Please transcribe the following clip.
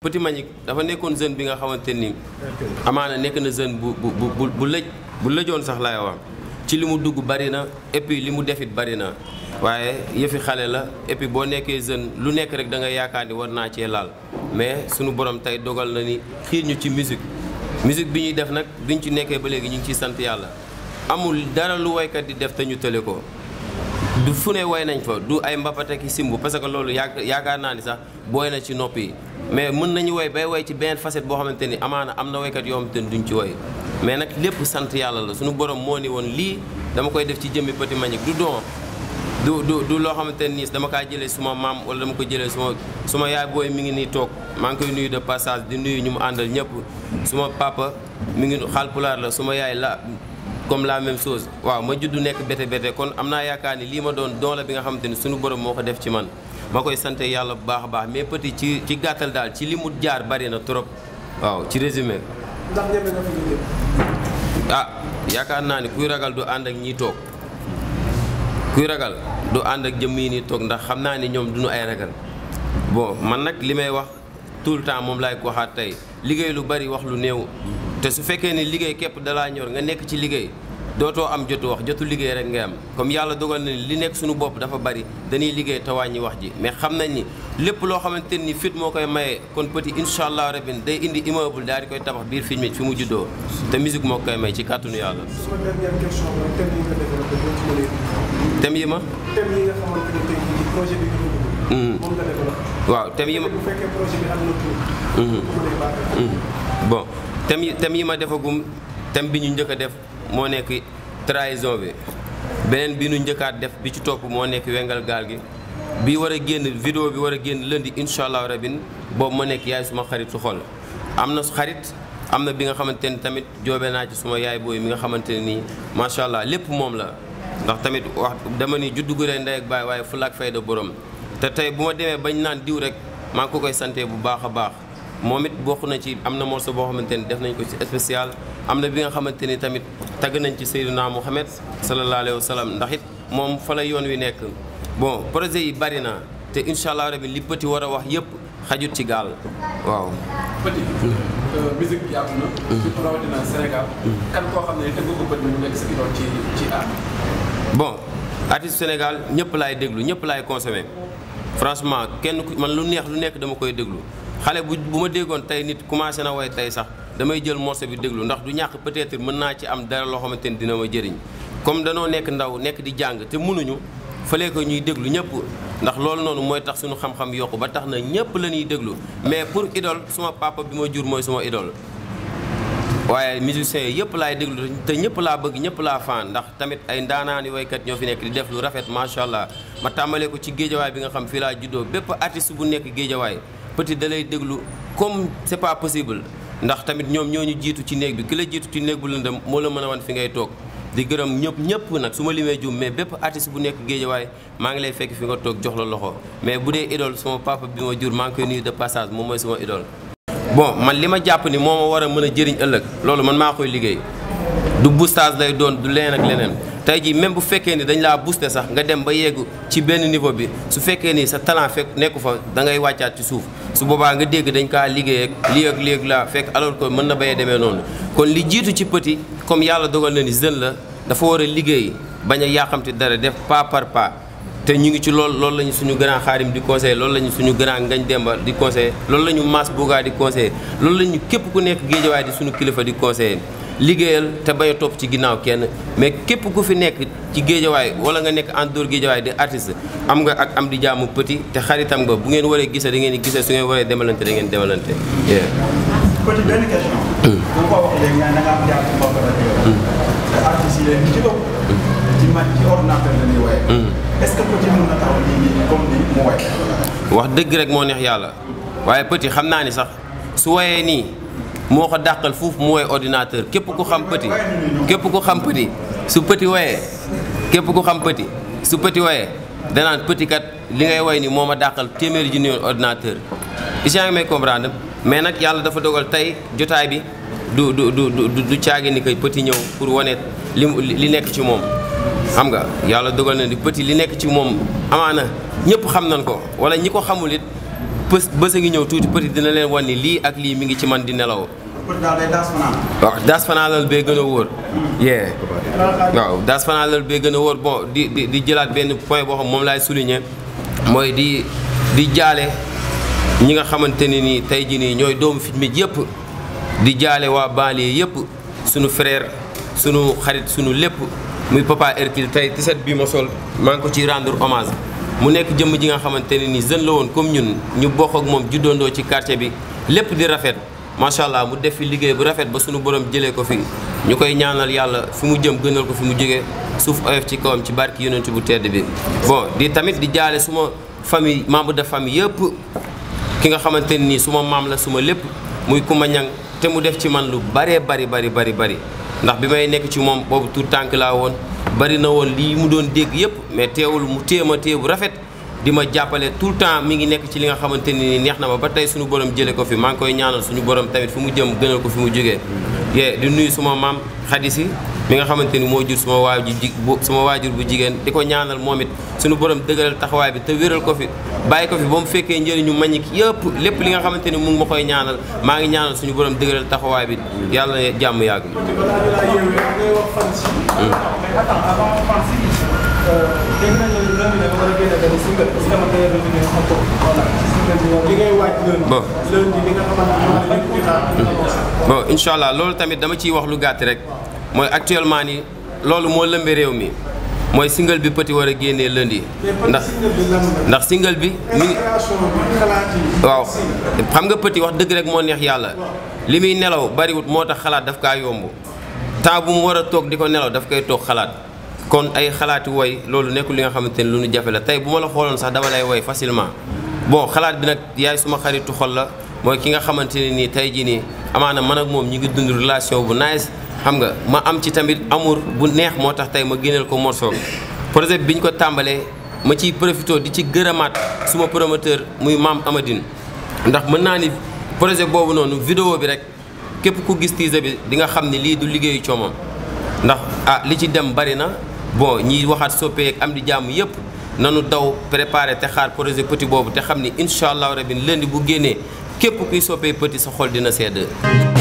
Petit Mbagnick dafa nekkoon jeune bi nga xamante ni amaana nekk na jeune bu bu bu bu lëj bu lëjoon sax laay wax ci li mu dugg bari na et li mu defit bari na waaye yëfi xale la et boo nekkee jeune lu nekk rek da nga yaakaar ni war naa cee laal mais sunu borom tey dogal na ni xiir ñu ci musique musique bi ñuy def nag biñ ci nekkee ba léegi ñu ngi ciy sant yàlla amul dara lu woykat di def te ñu tële ko. du fu ne way nañ fa du ay mbapate ki simbu parce que loolu yaa yaakaar naa ni sax booy na ci nopp yi mais mën nañu woy bay woy ci beneen facette boo xamante ni amaana am na woykat yoo xamante ni duñ ci woy mais nag lépp sant yàlla la suñu borom moo ni woon lii dama koy def ci jëmmi Petit Mbagnick du don du du du loo xamante ni dama kaa jëlee suma maam wala dama ko jëlee suma suma yaay booy mi ngi nii toog maa ngi koy nuyu de passage di nuyu ñu mu àndal ñëpp suma papa mu ngi xalpulaar la suma yaay la comme la même chose waaw ma juddu nekk bete bete kon am naa yaakaar ni lii ma doon don la bi nga xamante ni suñu borom moo ko def ci man ma koy sant yàlla bu baax a baax mais petit ci ci gàttal daal ci li mu jaar bari na trop waaw ci résumé. ndax ah yaakaar naa ni kuy ragal du ànd ak ñiy toog kuy ragal du ànd ak jëmm yi nii toog ndax xam naa ni ñoom duñu ay ragal bon man nag li may wax tout le temps moom laay ko waxaat tey liggéey lu bari wax lu néew. te su fekkee ne liggéey képp dalaa ñor nga nekk ci liggéey dootoo am jotu wax jotu liggéey rek ngay am comme yàlla dogal na ni li nekk suñu bopp dafa bari dañuy liggéey te wàññi wax ji mais xam nañ ni lépp loo xamante ni fit moo koy maye kon petit incha allah rabin day indi immeuble daal di koy tabax biir film fi mu juddoo te musique moo koy may ci kàttanu yàlla. sama dernière yi ma. Mm-hmm. waaw thème yi ma mm-hmm. Mm-hmm. bon thème yi ma defagum tem bi ñu njëkk def moo nekk trahison bi beneen bi ñu njëkkaat def bi ci topp moo nekk wengal gaal gi bi war a génn vidéo bi war a génn lundi incha allah rabin boobu ma nekk yaay suma xarit su xol am na xarit am na bi nga xamante ni tamit joobee naa ci suma yaay booy mi nga xamante ne nii macha allah lépp moom la ndax tamit wax dama ni juddu gu rey ndey ak baay waaye fulaak fayda borom. te tey bu ma demee bañ naan diw rek maa ko koy sante bu baax a baax moom it bokk na ci am na morceau boo xamante ni def nañ ko ci spécial am na bi nga xamante ni tamit tagg nañ ci Seydina Mouhamed sallallahu alayhi wa sallam ndax it moom fa la yoon wi nekk bon projet yi bari na te incha allah rabi li Petit war a wax yëpp xajut ci gaal waaw. Petit. Euh, musique yaatu na. Mm-hmm. surtout rawatina Sénégal. Mm-hmm. kan koo bon artiste Sénégal ñëpp laay déglu ñëpp laay consommé. franchement kenn ku man lu neex lu nekk dama koy déglu xale bu ma déggoon tey nit commencé na way tey sax damay jël morceau bi déglu ndax du ñàkk peut-être mën naa ci am dara loo xamante ni dina ma jëriñ comme danoo nekk ndaw nekk di jàng te mënuñu fële ko ñuy déglu ñëpp ndax loolu noonu mooy tax suñu xam-xam yokku ba tax na ñëpp la ñuy déglu mais pour idol suma papa bi ma jur mooy suma idole waaye musiciens yi yëpp laay déglu te ñëpp laa bëgg ñëpp laa fan ndax tamit ay ndaanaani waykat ñoo fi nekk di def lu rafet macha allah ma tàmbalee ko ci géejawaay bi nga xam fii laa juddoo bépp artiste bu nekk géejawaay petit da lay déglu comme c'est pas possible ndax tamit ñoom ñoo ñu jiitu ci néeg bi ki la jiitu ci néeg bu lëndëm moo la mën a wan fi ngay toog di gërëm ñëpp ñëpp nag su ma limee jum mais bépp artiste bu nekk géejawaay maa ngi lay fekk fi nga toog jox la loxo mais bu dee idole ma jur maa ngi koy nuyu de moom mooy sama idole bon man li ma jàpp ni moo ma war a mën a jëriñ ëllëg loolu man maa koy liggéey du boostage lay doon du leneen ak leneen tey jii même bu fekkee ni dañ laa booster sax nga dem ba yeggu ci benn niveau bi su fekkee ni sa talent fekk nekku fa da ngay wàccaat ci suuf su boobaa nga dégg dañ kaa liggéey ak li ak lii ak laa fekk alors que mën na bayee demee noonu kon li jiitu ci petit comme yàlla dogal na ni jeune la dafa war a liggéey bañ a yàqamti dara def pas par te ñu ngi ci lool loolu la ñu suñu grand xaarim di conseillé loolu lañu ñu suñu grand ngañ demba di conseillé loolu la ñu maas boogaa di conseillé loolu lañu ñu képp ku nekk géejawaay di suñu kilifa di conseillé liggéeyal te bay a topp ci ginnaaw kenn mais képp ku fi nekk ci géejawaay wala nga nekk en dehors géejawaay di artiste am nga ak am di jaamu petit te xaritam nga bu ngeen waree gisee da ngeen di gisee su ngeen waree demalante da ngeen demalante petit benn Hmm. wax dëgg rek moo neex yàlla waaye petit xam naa ni sax su woyee nii moo ko dàqal fuuf mu woy ordinateur képp ku xam petit képp ku xam petit su petit woyee képp ku xam su petit woyee danaan petit li ngay woy nii moo ma dàqal téeméeri junni yoon ordinateur yaa ngi may mais nag yàlla dafa dogal tey jotaay bi du du du du caagi ni koy petit ñëw pour wane li li nekk ci moom xam nga yàlla dogal na ni petit li nekk ci moom amaana ñëpp xam nañ ko wala ñi ko xamul it bës bës ngi ñëw tuuti petit dina leen wan ni lii ak lii mi ngi ci man di nelaw. waaw daas fanaanal bee gën a wóor. Hmm. yee waaw daas fanaanal bee gën a wóor bon di jëlaat benn point boo xam moom laay souligner mooy di di jaale ñi nga xamante ne nii tey jii nii ñooy doomu fit mi yëpp di jaale waa baal yi yëpp sunu frère sunu xarit sunu lépp. muy papa Hercule tey tiset bii ma sol maa ngi ko ciy rendre hommage mu nekk jëmm ji nga xamante ne nii jën la woon comme ñun ñu bokk ak moom juddoondoo ci quartier bi lépp di rafet macha allah mu def fi liggéey bu rafet ba suñu borom jëlee ko fi ñu koy ñaanal yàlla fi mu jëm gënal ko fi mu jógee suuf oyof ci kawam ci barki yonent bu tedd bi bon di tamit di jaale suma famille membre de famille yëpp ki nga xamante nii suma maam la suma lépp muy kuma ñang te mu def ci man lu baree bari bari bari bari ndax bi may nekk ci moom boobu tout tànk laa woon bari na woon lii mu doon dégg yëpp mais teewul mu téem a téye bu rafet di ma jàppale tout le temps mi ngi nekk ci li nga xamante ni neex na ma ba tey suñu borom jëlee ko fi maa ngi koy ñaanal suñu borom tamit fu mu jëm gënal ko fu mu jógee. di nuyu suma maam xadisi mi nga xamante ni moo jur suma waajur ji suma waajur bu jigéen di ko ñaanal moom it suñu borom dëgëral taxawaay bi te wéral ko fi bàyyi ko fi ba mu fekkee njëriñu mañik yëpp lépp li nga xamante ni mu ngi ma koy ñaanal maa ngi ñaanal suñu borom dëgëral taxawaay bi yàlla na jàmm yàgg hmm. bon hmm. bon incha loolu tamit dama ciy wax lu gàtt rek mooy actuellement ni loolu moo lëmbee réew mi mooy single bi pëti war a génnee lundi ndax ndax singal bi mi ngi waaw xam nga Petit wax dëgg rek moo neex yàlla li muy nelaw bariwut moo tax xalaat daf kaa yomb temps bu mu war a toog di ko nelaw daf koy toog xalaat kon ay xalaati woy loolu nekkul li nga xamante ne lu ñu jafe la tey bu ma la xooloon sax dama lay woy facilement bon xalaat bi nag yaay suma xaritu xol la mooy ki nga xamante ne nii tey jii nii amaana man ak moom ñu ngi dund relation bu nice xam nga ma am ci tamit amour bu neex moo tax tey ma génneel ko morceau projet bi ñu ko tàmbalee ma ciy profité di ci gërëmaat suma promoteur muy maam amadin ndax mën naa ni projet boobu noonu vidéo bi rek képp ku gis teaser bi di nga xam ni lii du liggéeyu coomam ndax ah li ci dem bari na bon ñiy waxaat soppeek am di jàmm yépp nanu daw préparé te xaar projet petit boobu te xam ni incha allah rabin lundi bu génnee képp kuy soppee petit sa xol dina sedd